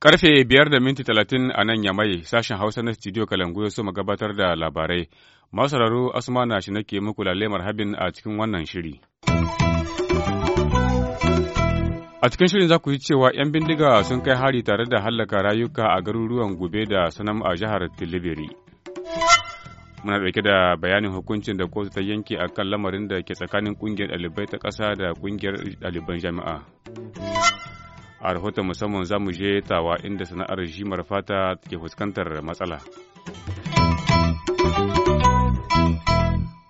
karfe biyar da minti talatin a nan yamai sashen hausa na studio kalangu ya ma gabatar da labarai masu sauraro asuma na shi nake muku lalemar marhabin a cikin wannan shiri. A cikin shirin za ku yi cewa 'yan bindiga sun kai hari tare da hallaka rayuka a garuruwan gobe da Sanam a jihar Tilibiri. Muna ɗauke da bayanin hukuncin da kotu ta yanke a kan lamarin da ke tsakanin ƙungiyar ɗalibai ta ƙasa da ƙungiyar ɗaliban jami'a. A rahoton musamman za mu je tawa inda sana'ar jimar fata ke fuskantar matsala.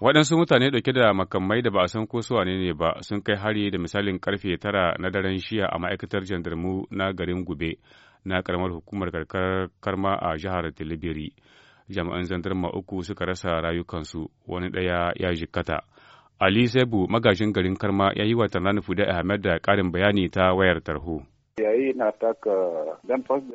Waɗansu mutane ɗauke da makamai da ba a san ko su ne ba sun kai hari da misalin karfe tara na daren shiya a ma'aikatar jandarmu na garin Gube na karamar hukumar karkar karma a jihar Tilibiri. Jami'an zandarma uku suka rasa rayukansu wani ɗaya ya jikkata. Ali Sebu magajin garin Karma ya yi wa tanani Fude Ahmed da ƙarin bayani ta wayar tarho.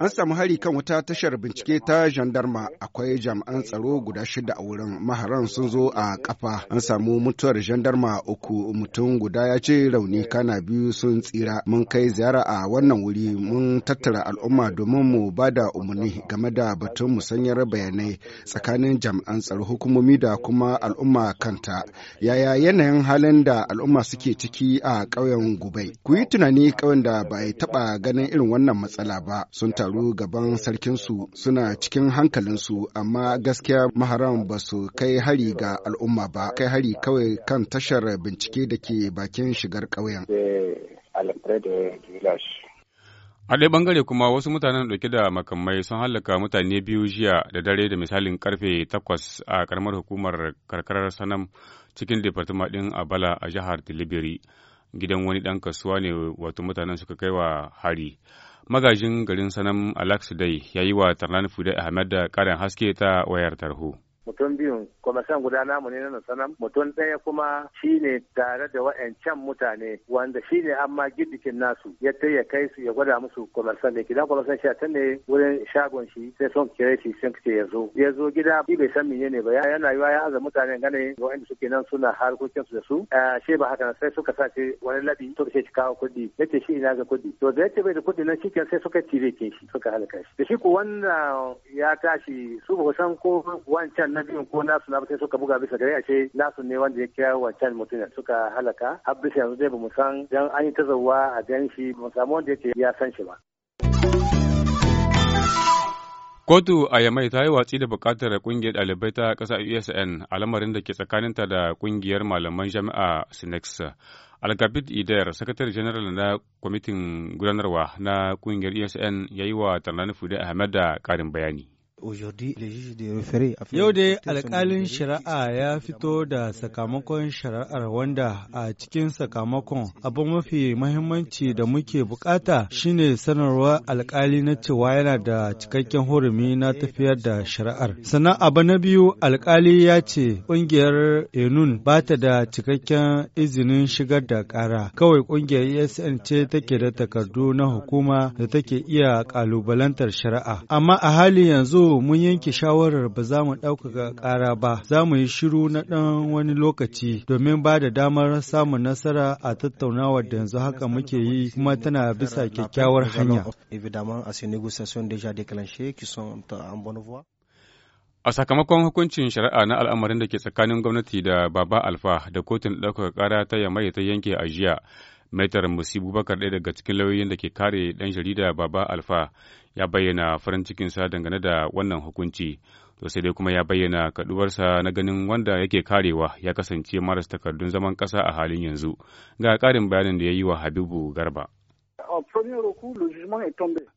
An samu hari kan wata tashar bincike ta jandarma akwai jami'an tsaro guda shida a wurin maharan sun zo a kafa an samu mutuwar jandarma uku mutum guda ya ce rauni kana biyu sun tsira mun kai ziyara a wannan wuri mun tattara al'umma domin mu ba da umarni game da batun musanyar bayanai tsakanin jami'an tsaro hukumomi da kuma al'umma kanta yaya yanayin halin da al'umma suke ciki a ƙauyen gubai ku yi tunani ƙauyen da ba taɓa taɓa ganin irin wannan matsala ba sun taru gaban sarkinsu suna cikin hankalinsu amma gaskiya maharan ba su kai hari ga al'umma ba kai hari kawai kan tashar bincike da ke bakin shigar ƙauyen. A ɗaya ɓangare kuma wasu mutanen ɗauke da makamai sun hallaka mutane biyu jiya da dare da misalin karfe takwas a karamar hukumar karkarar Sanam cikin departima ɗin Abala a jihar Tilibiri. gidan wani ɗan kasuwa ne wato mutanen suka kai wa hari magajin garin sanan alaksu dai ya yi wa tarnani fudai ahmed da ƙarin haske ta wayar tarho. mutum biyun san guda namu ne na sanan mutum ɗaya kuma shine tare da wa'ancan mutane wanda shine ma gidikin nasu ya ya kai su ya gwada musu kwamishan da gidan kwamishan shi ta ne wurin shagon shi sai son kire shi sun ce ya zo ya zo gida shi bai san menene ba yana yiwa ya aza mutane gane wa'anda suke nan suna harkokin su da su shi ba haka sai suka sace wani labi to sai shi kawo kuɗi yace shi ina ga kuɗi to da yace bai da kuɗi nan shikenan sai suka tire shi suka halaka shi da shi ko wannan ya tashi su ba san ko wancan na biyun ko nasu na sai suka buga bisa gare a ce nasu ne wanda ya kira wancan mutum da suka halaka har bisa yanzu dai bamu san dan an yi zawa a gan shi bamu samu wanda yake ya san shi ba. Kotu a Yamai ta yi watsi da bukatar kungiyar ɗalibai ta ƙasa USN a lamarin da ke tsakaninta da kungiyar malaman jami'a Sinex. Alkabid ider sakatare general na kwamitin gudanarwa na kungiyar USN ya yi wa Tarnani Fude Ahmed da ƙarin bayani. Yau dai alkalin shari'a ya fito da sakamakon shari'ar wanda a cikin sakamakon abu mafi mahimmanci da muke bukata shine sanarwar alkali na cewa yana da cikakken hurumi na tafiyar da shari'ar. Sannan abu na biyu alkali ya ce ƙungiyar Enun ba ta da cikakken izinin shigar da ƙara, Kawai ƙungiyar ESN ce take da takardu na hukuma da take iya kalubalantar shari'a. Amma a hali yanzu yau mun yanke shawarar ba za mu ɗaukaka ƙara ba, za mu yi shiru na ɗan wani lokaci domin ba da damar samun nasara a tattaunawa da yanzu haka muke yi kuma tana bisa kyakkyawar hanya. A sakamakon hukuncin shari'a na al'amarin da ke tsakanin gwamnati da Baba Alfa da kotun ɗaukaka ƙara ta Yamai ta yanke a jiya, Maitar Musibu Bakar ɗaya daga cikin lauyoyin da ke kare ɗan jarida Baba Alfa ya bayyana farin cikinsa dangane da wannan hukunci to sai dai kuma ya bayyana kaduwarsa na ganin wanda yake karewa ya kasance maras takardun zaman kasa a halin yanzu ga karin bayanin da ya yi wa habibu garba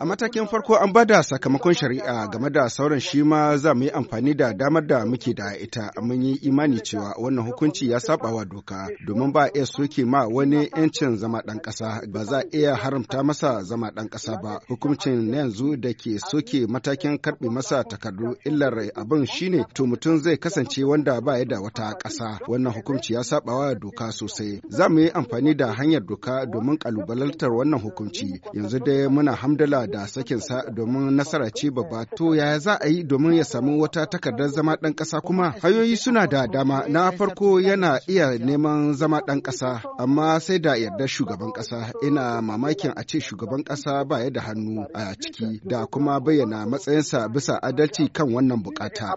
A matakin farko an bada sakamakon shari'a game da sauran shi ma za mu yi amfani da damar da muke da ita mun yi imani cewa wannan hukunci ya saba wa doka domin ba iya soke ma wani yancin zama ɗan ƙasa ba za iya haramta masa zama ɗan ƙasa ba hukuncin na yanzu da ke soke matakin karɓe masa takardu illar abin shine to mutum zai kasance wanda ba ya da wata ƙasa wannan hukunci ya saba wa doka sosai za mu yi amfani da hanyar doka domin ƙalubalantar wannan hukunci hukunci yanzu dai muna hamdala da sakin sa domin nasara ce babba to yaya za a yi domin ya samu wata takardar zama ɗan ƙasa kuma Hayoyi suna da dama na farko yana iya neman zama ɗan ƙasa amma sai da yarda shugaban ƙasa ina mamakin a ce shugaban ƙasa ba ya da hannu a ciki da kuma bayyana matsayinsa bisa adalci kan wannan bukata.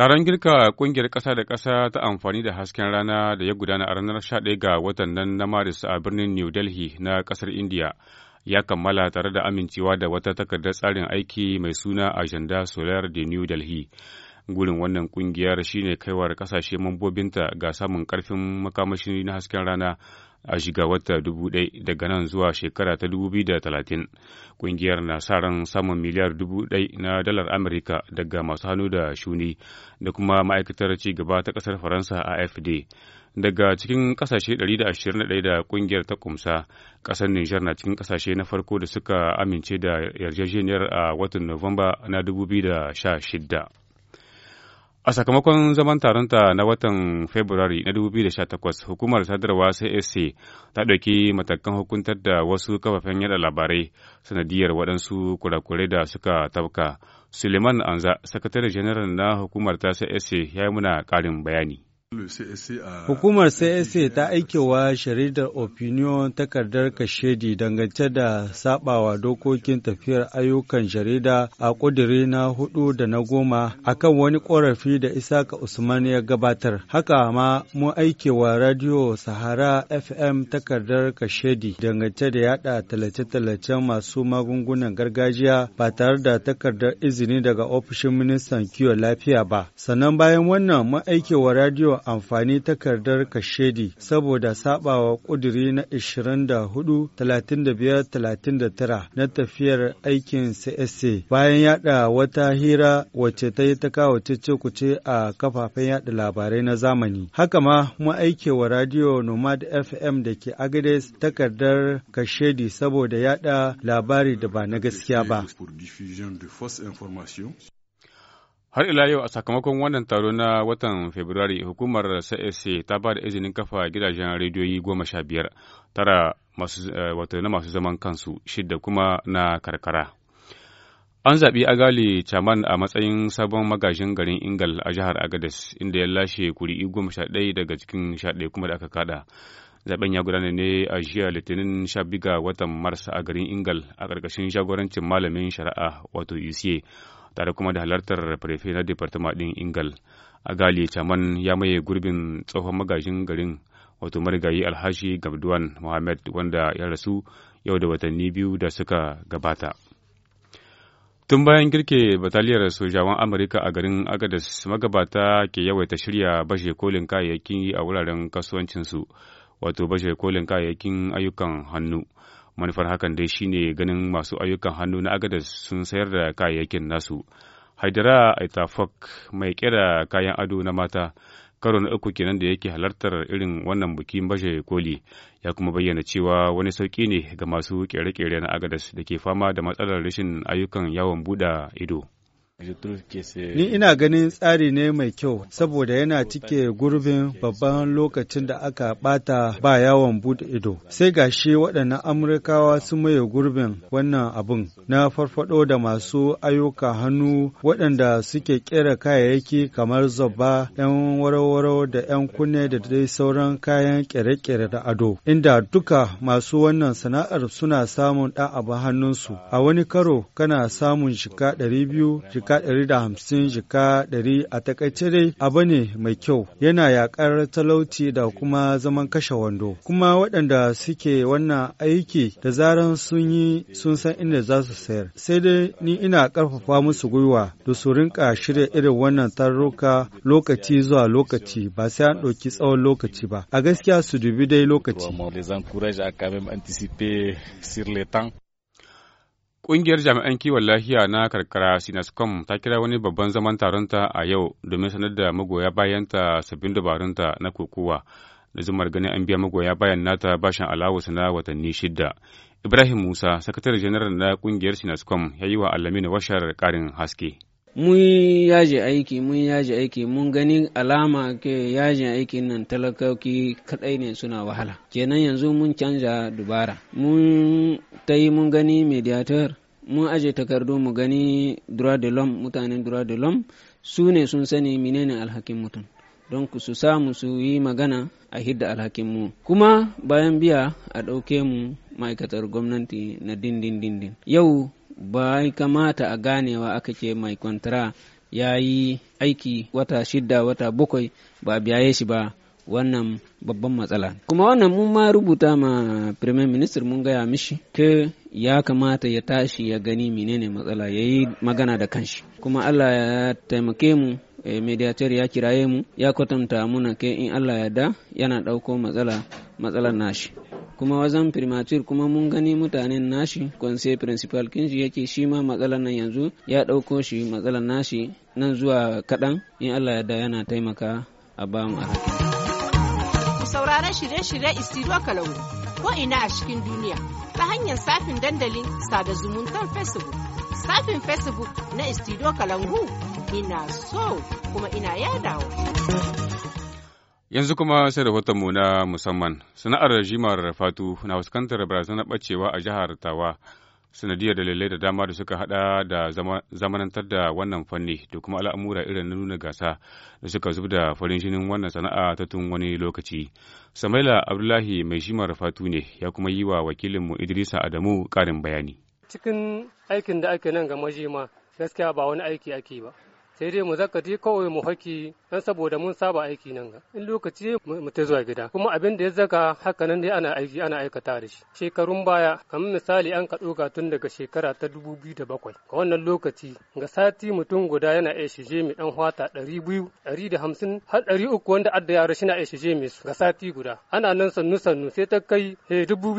Taron girka kungiyar ƙasa da ƙasa ta amfani da hasken rana da ya gudana a ranar 11 ga watan nan na Maris a birnin New Delhi na ƙasar India ya kammala tare da amincewa da wata takardar tsarin aiki mai suna Agenda Solar de New Delhi. Gurin wannan kungiyar shine kaiwar ƙasashe mambobinta ga samun karfin makamashi na hasken rana a shiga wata dubu ɗai daga nan zuwa shekara ta dubu biyu da talatin. Ƙungiyar na sa ran samun miliyar dubu ɗai na dalar Amurka daga masu hannu da shuni da kuma ma'aikatar ci gaba ta ƙasar Faransa a fd daga cikin ƙasashe 121 da ƙungiyar ta kumsa ƙasar niger na cikin ƙasashe na farko da suka amince da yarjejeniyar a watan Nuwamba na da 2016. A sakamakon zaman taronta na watan Februari na 2018, hukumar sadarwa CSC ta ɗauki matakan hukuntar da wasu kafafen yada labarai sanadiyar waɗansu kurakurai da suka tabka. Suleiman Anza, sakatare janar na hukumar ta CSC ya yi muna ƙarin bayani. Hukumar CSA ta aikewa sharidar opinion takardar kashedi dangance da sabawa dokokin tafiyar ayyukan jarida a ƙudiri na hudu da na goma a kan wani korafi da Isaka Usman ya gabatar. Haka ma mu aikewa Radio Sahara FM takardar kashedi dangance da yada talace-talace masu magungunan gargajiya ba tare da takardar izini daga ofishin ministan kiwon lafiya ba. Sannan bayan wannan mu aikewa Radio amfani takardar kashedi saboda sabawa kuduri na 24 35 39 na tafiyar aikin CSA bayan yada wata hira wacce ta yi ta kawo kuce a kafafen yada labarai na zamani. Haka ma ma'aikewa Radio Nomad FM da ke Agades takardar kashedi saboda yada labari da ba na gaskiya ba. Har ila yau a sakamakon wannan taro na watan Fabrairu hukumar SAS ta ba da izinin kafa gidajen rediyoyi goma sha biyar tara eh, wato na masu zaman kansu shida kuma na karkara. An zaɓi Agali Chaman a matsayin sabon magajin garin Ingal a jihar agades inda ya lashe kuri'i goma sha ɗaya daga cikin sha ɗaya kuma da aka kaɗa Zaben ya gudana ne a jiya Litinin sha ga watan Mars a garin Ingal a ƙarƙashin jagorancin malamin shari'a wato UCA. tare kuma da halartar farfe na departement ɗin ingal a gali caman ya maye gurbin tsohon magajin garin wato marigayi alhashi gabduwan mohammed wanda ya rasu yau da watanni biyu da suka gabata tun bayan girke bataliyar sojawan amurka a garin agadas magabata ke yawaita shirya bashe kolin kayayyakin a wuraren kasuwancinsu wato bashe kolin kayayyakin ayyukan hannu manufar hakan dai shine ganin masu ayyukan hannu na agadas sun sayar da kayayyakin nasu haidara aitafok mai kera kayan ado na mata karo na uku kenan da yake halartar irin wannan bikin baje koli ya kuma bayyana cewa wani sauki ne ga masu kere-kere na agadas da ke fama da matsalar rashin ayyukan yawon buɗe ido. Ni ina ganin tsari ne mai kyau saboda yana cike gurbin babban lokacin da aka bata ba yawon bude ido. Sai gashi waɗannan Amurkawa sun maye gurbin wannan abin na farfado da masu ayyuka hannu waɗanda suke kera kayayyaki kamar zaba, 'yan warwaro da 'yan kunne da dai sauran kayan kere-kere da ado. Inda duka masu wannan sana'ar suna samun ɗan abu hannunsu. A wani karo kana samun shika jika ɗari da hamsin jika ɗari a takaice dai abu ne mai kyau yana yakar talauci da kuma zaman kashe wando kuma waɗanda suke wannan aiki da zaran sun yi sun san inda za su sayar sai dai ni ina ƙarfafa musu gwiwa da su rinka shirya irin wannan tarurruka lokaci zuwa lokaci ba sai an ɗauki tsawon lokaci ba a gaskiya su dubi dai lokaci Ƙungiyar jami'an kiwon lafiya na karkara Sinascom ta kira wani babban zaman taronta a yau domin sanar da magoya bayanta sabbin dabarunta na kokowa da zumar ganin an biya magoya bayan nata bashin alawus na watanni shidda. Ibrahim Musa, sakatare janar na ƙungiyar Sinascom, ya yi wa Alamina washar ƙarin haske. mun yaji aiki mun yaji aiki mun gani alama ke yaji aikin nan talakauki kadai ne suna wahala kenan yanzu mun canza dubara mun ta yi mun gani mediator mun aje takardu mu gani dura de lom mutanen dura de lom su ne sun sani menene alhakin mutum don ku su samu su yi magana a hidda alhakin mu kuma bayan biya a ɗauke mu ma'aikatar gwamnati na dindin dindin yau ba kamata a ganewa aka ce mai kwantara ya yi aiki wata shidda wata bakwai ba biyaye shi ba wannan babban matsala kuma wannan mun ma rubuta ma premier minister mun gaya mishi ke ya kamata ya tashi ya gani menene matsala ya yi magana da kanshi kuma allah ya taimake mu eh, mediator ya kiraye mu ya kwatanta muna ke in allah ya da yana ɗauko matsala matsalar nashi kuma wajen primatur kuma mun gani mutanen nashi kwanse principal kinji yake shi ma matsalar nan yanzu ya ɗauko shi matsalar nashi nan zuwa kaɗan in allah ya da yana taimaka a bamu a hakan sauraron shirye-shirye Isiro Kalangu ko ina a cikin duniya ta hanyar safin dandalin sada zumuntar Facebook. Safin Facebook na Isiro Kalangu ina so kuma ina yadawa. Yanzu kuma sai da mu na musamman sana'ar jimar fatu na fuskantar barazanar bacewa a jihar Tawa. sanadiyar dalilai da dama da suka hada da zamanantar da wannan fanni da kuma al'amura irin na nuna gasa da suka zub da farin shinin wannan sana'a ta tun wani lokaci samaila abdullahi mai shimar fatu ne ya kuma yi wa wakilinmu idrisa adamu karin bayani cikin aikin da ake nan ga majima gaskiya ba wani aiki ake ba sai dai mu je kawai mu haki dan saboda mun saba aiki nan ga in lokaci mu ta zuwa gida kuma abin da ya zaka haka nan dai ana aiki ana aikata da shi shekarun baya kamar misali an ka ga tun daga shekara ta dubu biyu da a wannan lokaci ga sati mutum guda yana iya shige mai dan hwata ɗari biyu har ɗari wanda adda yara shi na iya mai su ga sati guda ana nan sannu sannu sai ta kai he eh, dubu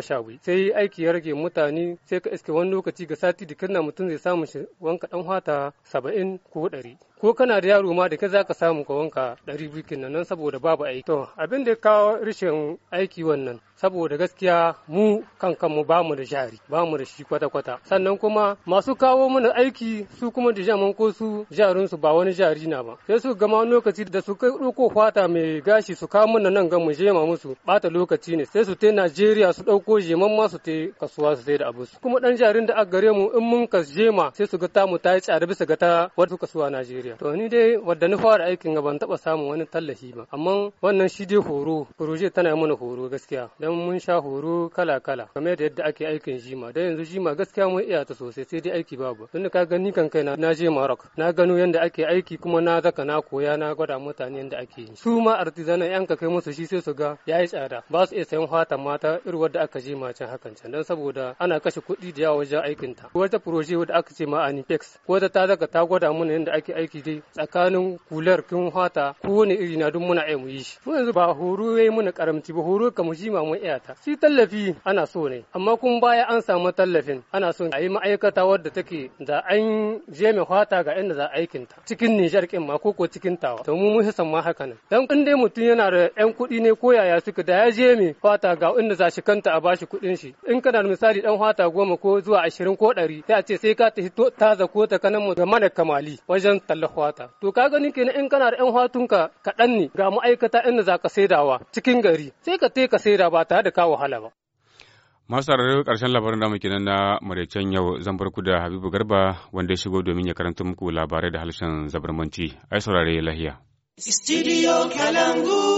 sha biyu sai aiki ya rage mutane sai ka iske wani lokaci ga sati da mutum zai samu wanka dan hwata saba'in hamsin ko ɗari ko kana da yaro ma da ka za ka samu ka wanka ɗari biyu kenan nan saboda babu aiki to abin da kawo rashin aiki wannan saboda gaskiya mu kan kanmu ba mu da jari ba mu da shi kwata-kwata sannan kuma masu kawo mana aiki su kuma da jaman ko su jarin su ba wani jari na ba sai su gama lokaci da su kai ɗauko fata mai gashi su kawo mana nan ga mu jema musu bata lokaci ne sai su ta Najeriya su ɗauko jeman ma su te kasuwa su sai da abu kuma ɗan jarin da aka gare mu in mun ka jema sai su ga mu ta yi tsada bisa ga ta wata kasuwa Najeriya Najeriya. To ni dai wadda na fara aikin ga ban taba samun wani tallafi ba. Amma wannan shi dai horo, proje tana mana horo gaskiya. Dan mun sha horo kala-kala game da yadda ake aikin jima. Dan yanzu jima gaskiya mun iya ta sosai sai dai aiki babu. Tun ka gani kan kai na je Maroc, na gano yadda ake aiki kuma na zaka na koya na gwada mutane yadda ake yi. Su ma artisan yan ka kai musu shi sai su ga yayi tsada. Ba su iya sayan fatan mata irin wadda aka je can hakan can dan saboda ana kashe kuɗi da yawa wajen aikin ta. Wata proje wadda aka ce ma Anifex, wata ta zaka ta gwada mana yadda ake aiki aiki dai tsakanin kular kin hata kowane iri na duk muna iya mu yi shi yanzu ba horo yayi muna karamci ba horo kamar shi ma mun iya ta shi tallafi ana so ne amma kun baya an samu tallafin ana so a yi ma'aikata wadda take da an je mai hata ga inda za aikin ta cikin Nijar kin ma ko ko cikin tawa to mu mun ma haka nan dan in dai mutum yana da yan kuɗi ne ko yaya suka da ya je mai hata ga inda za shi kanta a bashi kuɗin shi in kana misali dan hata goma ko zuwa ashirin ko ɗari sai a ce sai ka ta hito ta zako ta kanan mu da mana kamali wajen tallafi da fata. to ka gani kenan in kana da yan hwatunka kaɗan ne ga ma'aikata inda za ka saidawa cikin gari sai ka te ka saida ba tare da ka wahala ba masu tsararru karshen labarin namu kenan na maraicen yau zan bar ku da habibu garba wanda ya shigo domin ya karanta muku labarai da harshen zabarmanci ai saurare lahiya studio kalangu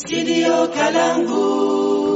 Studio Kalangu.